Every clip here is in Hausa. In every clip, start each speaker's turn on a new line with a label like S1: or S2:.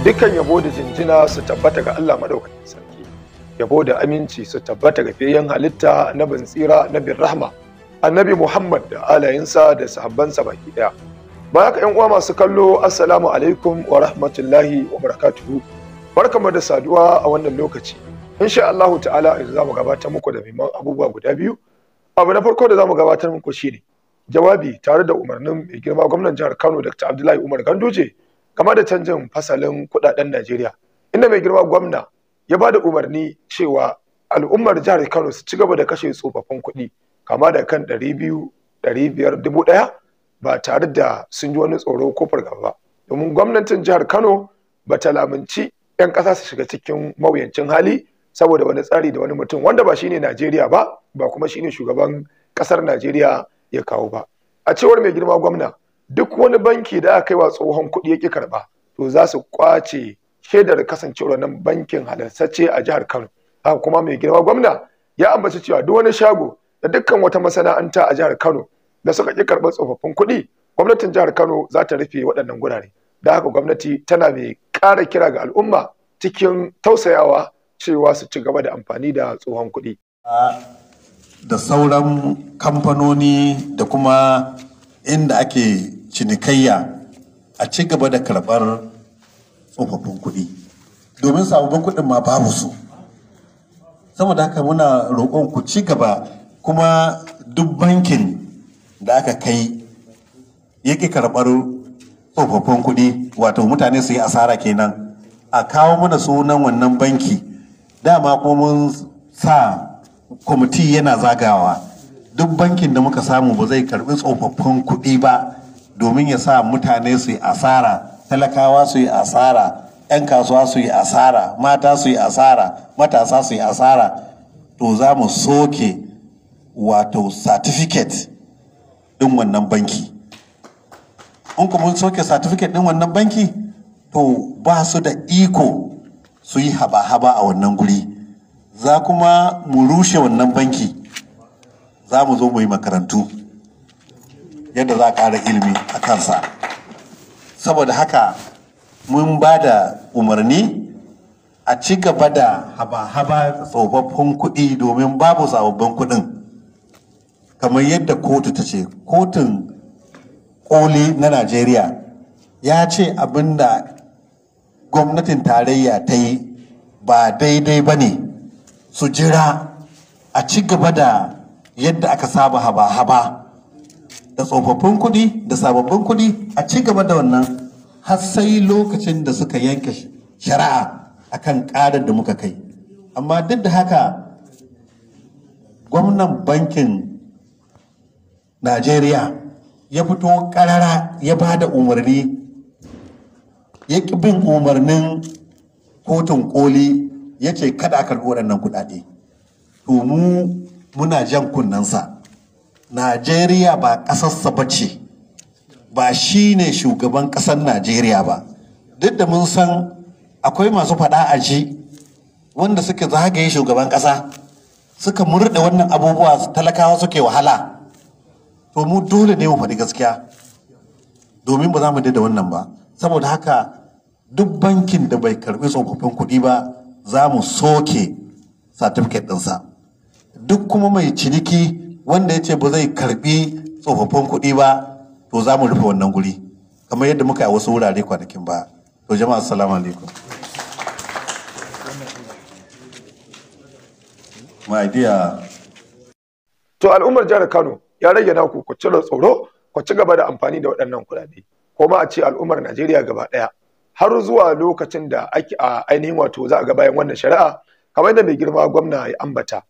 S1: dukkan yabo da jinjina su tabbata ga Allah madaukakin sarki yabo da aminci su tabbata ga fiyayyen halitta na bin tsira na bin rahma annabi Muhammad da alayinsa da sahabbansa baki daya ba ka yan uwa masu kallo assalamu alaikum wa rahmatullahi wa barakatuhu barkamu da saduwa a wannan lokaci insha Allah ta'ala yanzu zamu gabatar muku da mimman abubuwa guda biyu abu na farko da zamu gabatar muku shine jawabi tare da umarnin mai girma gwamnan jihar Kano Dr. Abdullahi Umar Ganduje game da canjin fasalin kudaden Najeriya inda mai girma gwamna ya ba da umarni cewa al'ummar jihar Kano su ci gaba da kashe tsofaffin kuɗi kama da kan ɗari biyu ɗari biyar dubu ɗaya ba tare da sun ji wani tsoro ko fargaba ba domin gwamnatin jihar Kano ba ta lamunci 'yan ƙasa su shiga cikin mawuyancin hali saboda wani tsari da wani mutum wanda ba shine Najeriya ba ba kuma shine shugaban ƙasar Najeriya ya kawo ba a cewar mai girma gwamna duk wani banki da aka yi wa tsohon kuɗi yake karba to za su kwace shaidar kasancewar nan bankin halartacce a jihar Kano haka kuma mai girma gwamna ya ambaci cewa duk wani shago da dukkan wata masana'anta a jihar Kano da suka ƙi karɓar tsofaffin kuɗi gwamnatin jihar Kano za ta rufe waɗannan gurare da haka gwamnati tana mai ƙara kira ga al'umma cikin tausayawa cewa su ci gaba da amfani da tsohon kuɗi.
S2: da sauran kamfanoni da kuma inda ake cinikayya a ci gaba da karɓar tsofaffin kuɗi domin sababbin kuɗin ma babu su saboda haka muna roƙon ku ci gaba kuma duk bankin da aka kai ya ƙi karɓar tsofaffin kuɗi wato mutane su yi asara kenan a kawo mana sunan wannan banki dama kuma mun sa kwamiti yana zagawa duk bankin da muka samu ba zai karbi tsofaffin kuɗi ba domin ya sa mutane su yi asara talakawa su yi asara 'yan kasuwa su yi asara mata su yi asara matasa su yi asara to za mu soke wato certificate ɗin wannan banki in kuma soke certificate ɗin wannan banki to ba su da iko su yi haba-haba a wannan guri za kuma mu rushe wannan banki za mu zo mu yi makarantu yadda za a ƙara ilimi a kansa saboda haka mun ba da umarni a ci gaba da haba-haba tsofaffin kuɗi domin babu sababbin kuɗin kamar yadda kotu ta ce kotun ƙoli na najeriya ya ce abin da gwamnatin tarayya ta yi ba daidai ba ne su jira a ci gaba da yadda aka saba haba-haba da tsofaffin kuɗi da sababbin kuɗi a ci gaba da wannan har sai lokacin da suka yanke shari'a akan ƙarar da muka kai amma duk da haka gwamnan bankin najeriya ya fito ƙarara ya ba da umarni ya ƙi bin umarnin kotun koli ya ce kada a karɓi waɗannan kuɗaɗe to mu muna jan kunnensa najeriya ba ƙasarsa ba ce ba shi ne shugaban ƙasar najeriya ba duk da mun san akwai masu faɗa a ji wanda suke zagaye shugaban ƙasa suka murɗe wannan abubuwa talakawa suke wahala to mu dole ne mu faɗi gaskiya domin ba za mu da wannan ba saboda haka duk bankin da bai karɓi tsofaffin kuɗi ba za mu soke satifiket ɗinsa. duk kuma mai ciniki wanda ya ce ba zai karbi tsofaffin kuɗi ba to za mu rufe wannan guri kamar yadda muka yi wasu wurare kwanakin ba to
S1: jama'a assalamu alaikum my dear to al'ummar jihar Kano ya rage naku ku cire tsoro ku ci gaba da amfani da waɗannan kuɗaɗe kuma a ce al'ummar Najeriya gaba ɗaya har zuwa lokacin da ake a ainihin wato za a ga bayan wannan shari'a kamar yadda mai girma gwamna ya ambata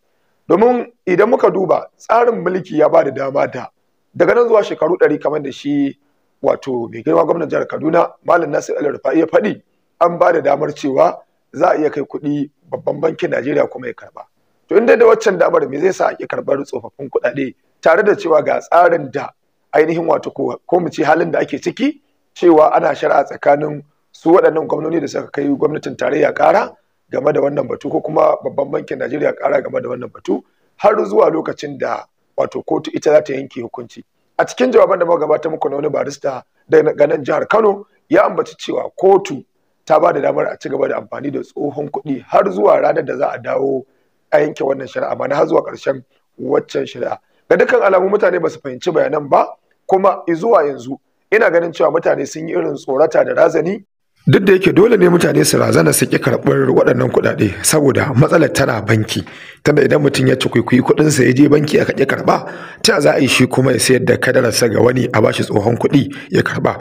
S1: domin idan muka duba tsarin mulki ya ba da dama da daga nan zuwa shekaru ɗari kamar da shi wato mai girma gwamnan jihar Kaduna Malam Nasir El rufa ya faɗi an ba da damar cewa za a iya kai kuɗi babban bankin Najeriya kuma ya karba to inda da waccan damar me zai sa a ki karɓar tsofaffin kuɗaɗe tare da cewa ga tsarin da ainihin wato ko mu ce halin da ake ciki cewa ana shari'a tsakanin su waɗannan gwamnoni da suka kai gwamnatin tarayya ƙara game da wannan batu ko kuma babban bankin Najeriya kara game da wannan batu har zuwa lokacin da wato kotu ita za ta yanke hukunci. A cikin jawaban da muka gabata muku na wani barista da nan jihar Kano ya ambaci cewa kotu ta ba da damar a ci gaba da amfani da tsohon kuɗi har zuwa ranar da za a dawo a yanke wannan shari'a amma na har zuwa ƙarshen waccan shari'a. Ga dukkan alamu mutane ba su fahimci bayanan ba kuma zuwa yanzu ina ganin cewa mutane sun yi irin tsorata da razani duk da yake dole ne mutane su razana su ki karɓar waɗannan kuɗaɗe saboda matsalar tana banki tunda idan mutum ya ci kwaikwayi kuɗin sa ya je banki aka ƙi karɓa ta za a yi shi kuma ya sayar da kadararsa ga wani a bashi tsohon kuɗi ya karɓa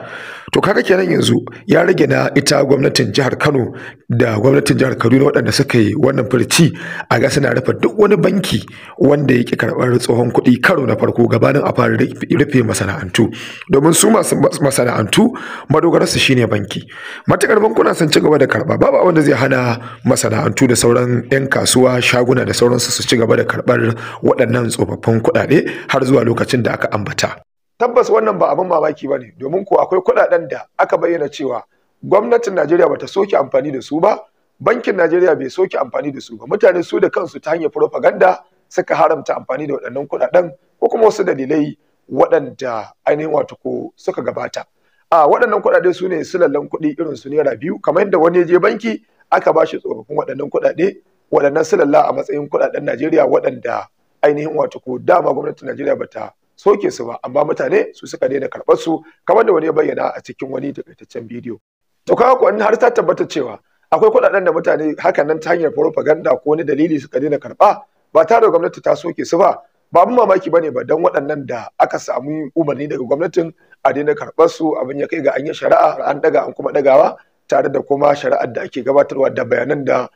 S1: to kaga kenan yanzu ya rage na ita gwamnatin jihar Kano da gwamnatin jihar Kaduna waɗanda suka yi wannan furci a ga suna rufe duk wani banki wanda ya ƙi karɓar tsohon kuɗi karo na farko gabanin a fara rufe masana'antu domin su masu masana'antu madogararsu shine banki matukar bankuna sun ci gaba da karɓa babu wanda zai hana masana'antu da sauran 'yan kasuwa shaguna da sauran sauransu su ci gaba da karɓar waɗannan tsofaffin kuɗaɗe har zuwa lokacin da aka ambata. Tabbas wannan ba abin mamaki ba ne domin ko akwai kuɗaɗen da aka bayyana cewa gwamnatin Najeriya ta soke amfani da su ba, bankin Najeriya bai soke amfani da su ba, mutane su da kansu ta hanyar propaganda suka haramta amfani da waɗannan kuɗaɗen ko kuma wasu dalilai waɗanda ainihin wato ko suka gabata. a waɗannan kuɗaɗe su ne silallan kuɗi irin su naira biyu kamar yadda wani ya je banki aka ba shi tsofaffin waɗannan kuɗaɗe waɗannan silalla a matsayin kuɗaɗen Najeriya waɗanda ainihin wato ko dama gwamnatin Najeriya bata soke su ba amma mutane su suka daina karɓar su kamar da wani ya bayyana a cikin wani takaitaccen bidiyo to kaga ko har ta tabbata cewa akwai kuɗaɗen da mutane hakan nan ta hanyar propaganda ko wani dalili suka daina karɓa ba tare da gwamnati ta soke su ba ba mu mamaki bane ba dan waɗannan da aka samu umarni daga gwamnatin a daina karɓar su abin ya kai ga an yi shari'a an daga an kuma dagawa tare da kuma shari'ar da ake gabatarwa da bayanan da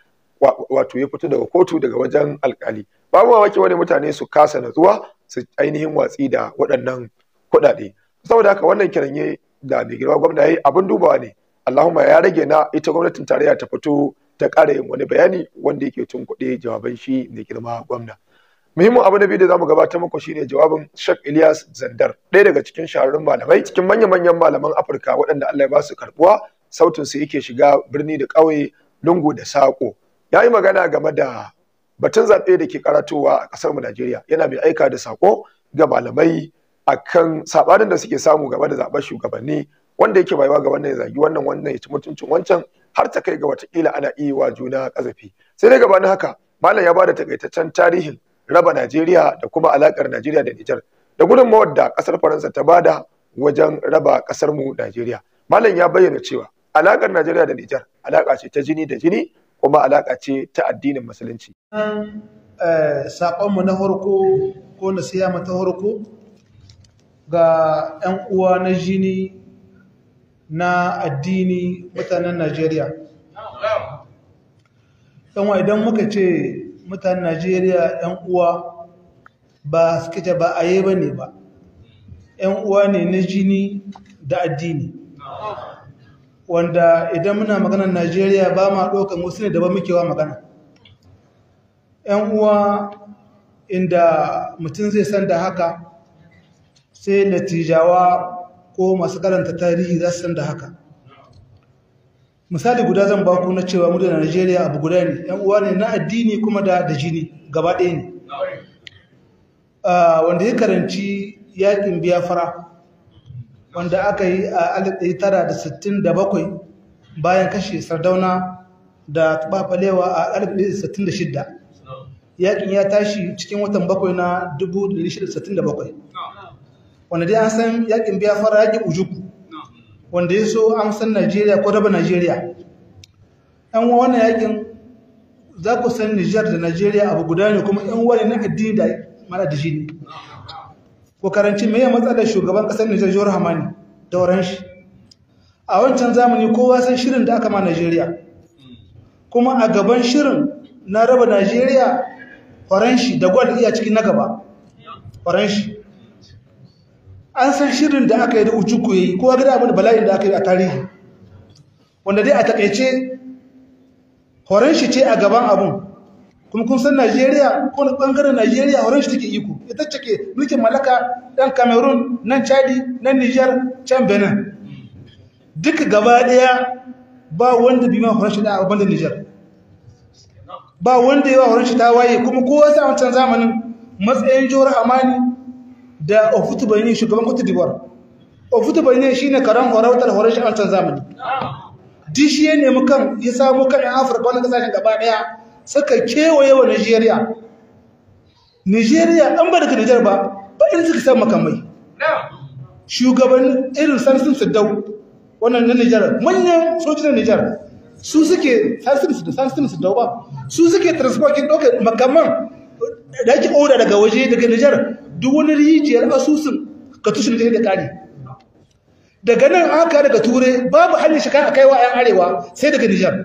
S1: wato ya fito daga kotu daga wajen alkali babu mamaki wani mutane su kasa natsuwa su ainihin watsi da waɗannan kuɗaɗe saboda haka wannan kiranye da mai girma gwamna yayi abin dubawa ne Allahumma ya rage na ita gwamnatin tarayya ta fito ta ƙara yin wani bayani wanda yake tun kuɗe jawaban shi mai girma gwamna muhimmin abu na biyu da zamu gabatar muku shine jawabin Sheikh Ilyas Zandar ɗaya daga cikin shahararrun malamai cikin manya-manyan malaman Afirka waɗanda Allah ya ba su karbuwa sautin su yake shiga birni da ƙauye lungu da saƙo ya yi magana game da batun zaɓe da ke karatowa a ƙasar mu Najeriya yana mai aika da sako ga malamai akan saɓanin da suke samu game da zaɓen shugabanni wanda yake bayuwa ga wannan zagi wannan wannan ya ci mutuncin wancan har ta kai ga watakila ana iya wa juna ƙazafi sai dai gabanin haka malam ya ba da takaitaccen tarihin raba Najeriya da kuma alaƙar Najeriya da Nijar da gudunmawar da ƙasar Faransa ta bada wajen raba ƙasar mu Najeriya malam ya bayyana cewa alaƙar Najeriya da Nijar alaƙa ce ta jini da jini kuma alaƙa ce ta addinin musulunci.
S2: Eh,
S3: saƙonmu na farko ko na siya ta farko ga 'yan uwa na jini na addini mutanen Najeriya. Yanwa idan muka ce mutanen Najeriya 'yan uwa ba suke ba a yi ba ne ba, 'yan uwa ne na jini da addini. wanda idan muna maganar najeriya ba ma ɗaukan wasu ne muke wa magana yan uwa inda mutum zai san da haka sai natijawa ko masu karanta tarihi za su san da haka misali guda zan baku na cewa muda da najeriya abu guda ne yan uwa ne na addini kuma da da jini gaba ɗaya ne ah, wanda ya karanci yakin fara. wanda aka yi a 1967 bayan kashe sardauna da tubafalewa a 1966 yakin ya tashi cikin watan bakwai na 1967 wanda dai an san yakin biya fara yakin ujuku wanda ya so an san najeriya ko raba najeriya yan wannan yakin za ku san nijar da najeriya abu guda ne kuma yan wani na addini da mara da shi ne ko karanci meye matsalar shugaban ƙasar Nijar Jihar Hamani da waran shi a wancan zamani kowa san shirin da aka ma Najeriya kuma a gaban shirin na raba Najeriya waran shi da gwal iya cikin na gaba waran shi an san shirin da aka yi da ujuku yi, kowa ga abin da bala'in da aka yi a tarihi wanda dai a takaice horon shi ce a gaban abun kuma kun san Najeriya ko na bangaren Najeriya wurin shi take iko ita take mulkin mallaka dan Cameroon nan Chadi nan Niger can Benin duk gaba daya ba wanda bima horashi shi da a bandar Niger ba wanda yawa horashi shi ta waye kuma kowa sa wancan zamanin matsayin jihar Amani da Ofutu Bayne shugaban Cote d'Ivoire Ofutu Bayne shine karan horautar horashi shi a wancan zamanin dishi ya nemi kan ya samu kan Afirka wannan kasashen gaba daya suka kewaye wa nigeria nigeria an ba daga nijar ba ba irin suka san makamai shugaban irin sarsin sadau wannan na nijar manyan sojin nijar su suke sarsin sadau ba su suke transportin ɗaukar makaman da ake oda daga waje daga nijar duk wani rijiyar asusun ka tushin da ƙari daga nan aka daga ture babu hanyar shiga a kaiwa 'yan arewa sai daga nijar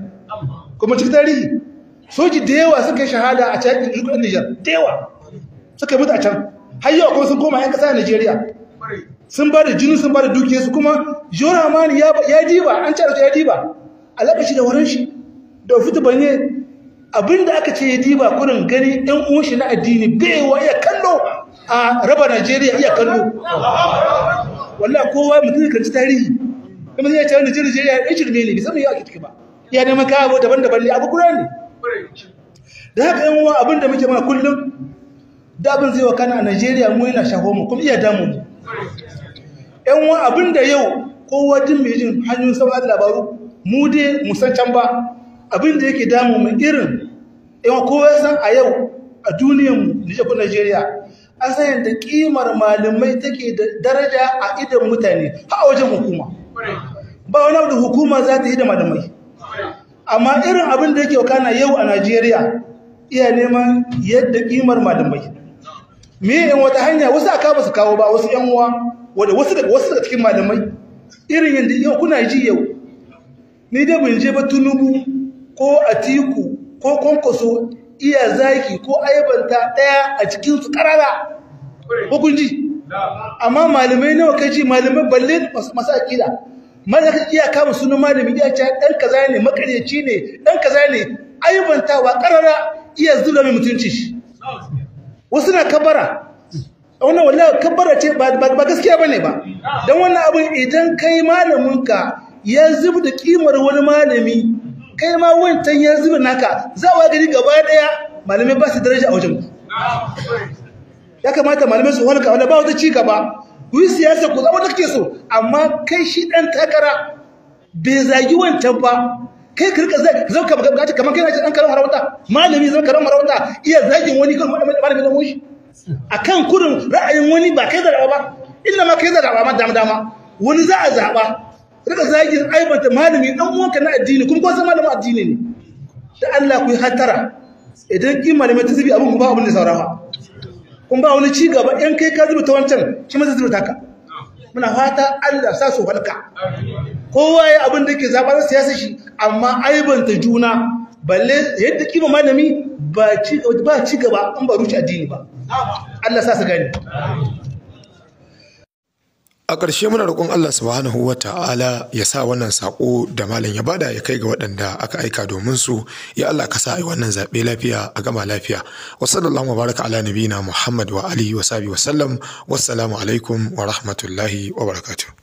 S3: kuma cikin tarihi soji da yawa suka yi shahada a cikin rikon Nijar da yawa suka yi mutu a can har kuma sun koma 'yan ƙasa a Nijeriya sun bada jini sun bada da dukiyarsu kuma jora mani ya diba an ce ya diba alaƙa shi da wurin shi da fito banye abinda aka ce ya diba kurin gani ɗan uwan na addini baiwa iya kallo a raba Najeriya iya kallo wallahi kowa mutum ya karci tarihi kuma zai ce wani Najeriya ya shirme ne bisa mu yi a ba ya neman kawo daban-daban ne abu kura ne da haka yan uwa abin muke mana kullum da abin zai wakana a Najeriya mu yana shafo mu kuma iya damu yan uwa abin da yau kowa jin mai jin hanyoyin sama labaru mu dai mu ba abin yake damu mai irin yan kowa san a yau a duniyar mu Nijar Najeriya an san yadda kimar malamai take da daraja a idan mutane ha a wajen hukuma ba wani abu da hukuma za ta yi da malamai amma irin abin da yake wakana yau a najeriya iya neman yadda kimar malamai me in wata hanya wasu aka ba su kawo ba wasu yan uwa wasu daga wasu daga cikin malamai irin yanda yau kuna ji yau ni da ban je ba tunubu ko atiku ko kwankwaso iya zaki ko aibanta ɗaya a cikin su karara ko amma malamai nawa kai ji malamai balle masu aƙila? maza ka iya kama sunan malamin iya ce dan kaza ne makaryaci ne dan kaza ne aibantawa karara iya zulumi mutunci shi wasu na kabara wannan wallahi kabara ce ba gaskiya bane ba Don wannan abin idan kai malaminka ya zubi da kimar wani malami kai ma wancan ya zubi naka za a gari gaba ɗaya malamai ba su daraja a wajen ya kamata malamai su wani kawai ba wata ci gaba ku yi siyasa ku zama da kake so amma kai shi dan takara bai zagi wancan ba kai ka rika zai zan ka ta kamar kai nace dan karan harawata malami zai karan harawata iya zagin wani kan malami zan mushi akan kurin ra'ayin wani ba kai zarawa ba illa ma kai zarawa ma dama dama wani za a zaba rika zagin aibanta malami dan uwanka na addini kuma ko san malamin addini ne da Allah ku yi hatara idan kin malamai ta zubi abun ku ba abun da saurawa kun ba wani cigaba yan kai ka ta wancan shi masu rubuta ka muna fata Allah sa su halka kowa ya abin da ke zaɓar siyasa shi amma aibanta juna balle yadda kima malami ba ci gaba in ba rushe addini ba Allah sa su gani
S1: a ƙarshe muna roƙon Allah subhanahu wa ta'ala ya sa wannan saƙo da malam ya bada ya kai ga waɗanda aka aika domin su ya Allah ka sa wannan zaɓe lafiya a gama lafiya wa sallallahu baraka ala nabiyina Muhammad wa alihi wa sabi wa sallam wassalamu alaikum wa rahmatullahi wa barakatuh